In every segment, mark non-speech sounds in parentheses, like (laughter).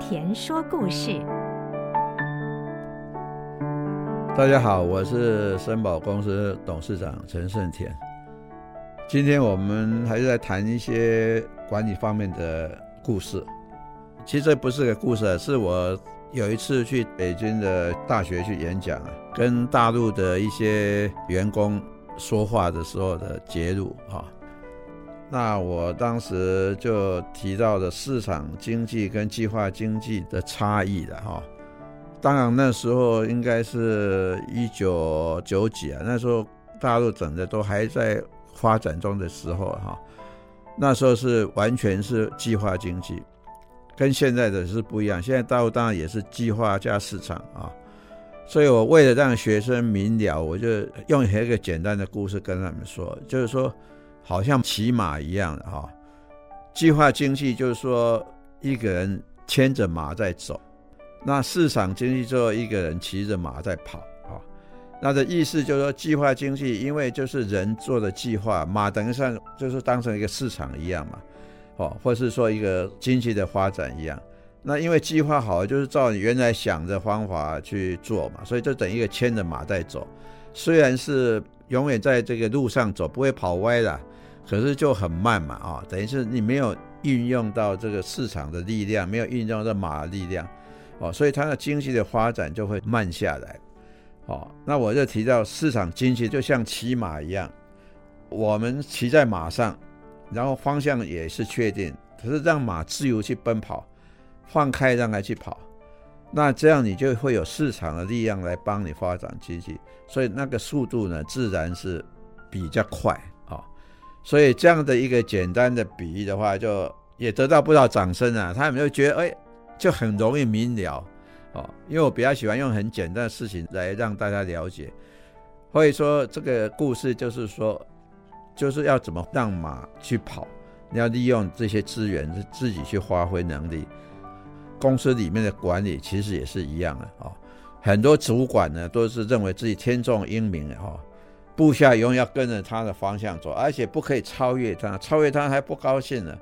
田說故事。大家好，我是森寶公司董事長陳勝田。今天我們還是在談一些管理方面的故事。其實不是個故事，是我有一次去北京的大學去演講，跟大陸的一些員工說話的時候的節錄啊。那我當時就提到的市場經濟跟計劃經濟的差異的哈，當然那時候應該是一九九幾啊，那時候大陸整個都還在發展中的時候哈，那時候是完全是計劃經濟，跟現在的是不一樣。現在大陸當然也是計劃加市場啊，所以我為了讓學生明了，我就用一個簡單的故事跟他們說，就是說。好像騎馬一樣的哈，哦，計劃經濟就是說一個人牽着馬在走，那市場經濟就是一個人騎着馬在跑啊，哦，那的意思就是說，計劃經濟因為就是人做的計劃，馬等於上就是當成一個市場一樣嘛，哦，或是說一個經濟的發展一樣。那因為計劃好就是照你原來想的方法去做嘛，所以就等於一個牽着馬在走。雖然是永遠在這個路上走，不會跑歪啦，可是就很慢嘛，啊，哦，等於是你沒有運用到這個市場的力量，沒有運用到馬的力量，哦，所以它的經濟的發展就會慢下來，哦，那我就提到市場經濟就像騎馬一樣，我們騎在馬上，然後方向也是確定，可是讓馬自由去奔跑，放開讓它去跑。那這樣你就會有市場的力量來幫你發展經濟，所以那個速度呢，自然是比較快啊、哦。所以這樣的一個簡單的比喻的話，就也得到不少掌聲啊。他們就覺得，哎、欸，就很容易明了啊、哦。因為我比較喜歡用很簡單的事情來讓大家了解。所以說這個故事就是說，就是要怎麼讓馬去跑，你要利用這些資源，自己去發揮能力。公司裡面的管理其實也是一樣的啊，很多主管呢都是認為自己天縱英明的、啊、部下永遠要跟着他的方向走，而且不可以超越他，超越他還不高興呢、啊。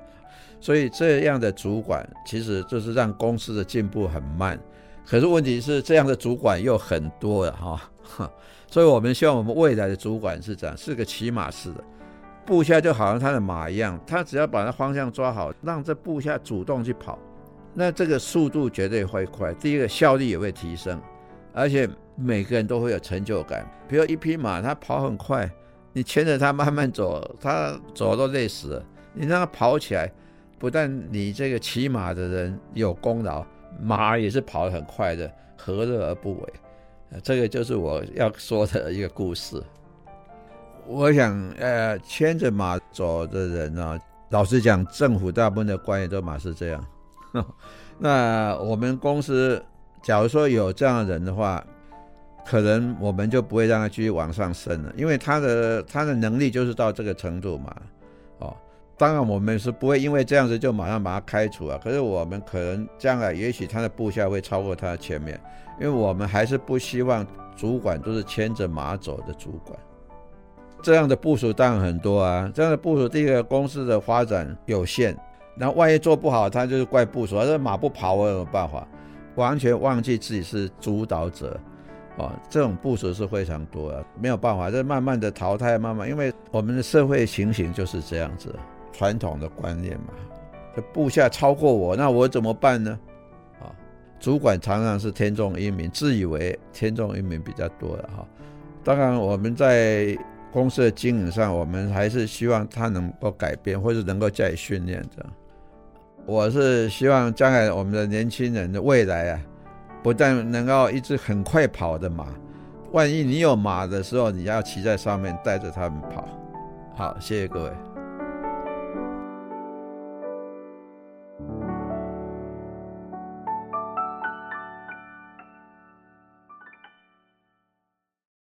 所以這樣的主管其實就是讓公司的進步很慢。可是問題是這樣的主管又很多了，哈，所以我們希望我們未來的主管是這樣，是個騎馬式的，部下就好像他的馬一樣，他只要把那方向抓好，讓這部下主動去跑。那這個速度絕對會快，第一個效率也會提升，而且每個人都會有成就感。比如一匹馬，它跑很快，你牽着它慢慢走，它走都累死了。你讓它跑起來，不但你這個騎馬的人有功勞，馬也是跑得很快的，何樂而不為？這個就是我要說的一個故事。我想，呃，牽着馬走的人呢、啊，老實講，政府大部分的官員都嘛是這樣。 (laughs) 那我們公司，假如說有這樣的人的話，可能我們就不會讓他繼續往上升了，因為他的他的能力就是到這個程度嘛。哦，當然我們是不會因為這樣子就馬上把他開除啊。可是我們可能將來也許他的部下會超過他的前面，因為我們還是不希望主管都是牽着馬走的主管。這樣的部屬當然很多啊，這樣的部屬第一個公司的發展有限。那萬一做不好，他就是怪部屬，這馬不跑，我沒有辦法。完全忘記自己是主導者，啊、哦，這種部屬是非常多的，沒有辦法，這慢慢的淘汰，慢慢，因為我們的社會情形就是這樣子，傳統的觀念嘛，這部下超過我，那我怎麼辦呢？啊、哦，主管常常是天縱英明，自以為天縱英明比較多的哈、哦。當然我們在公司的經營上，我們還是希望他能夠改變，或者是能夠加以訓練這樣。我是希望將來我們的年輕人的未來啊，不但能夠一只很快跑的馬，萬一你有馬的時候，你要騎在上面帶着他們跑。好，謝謝各位。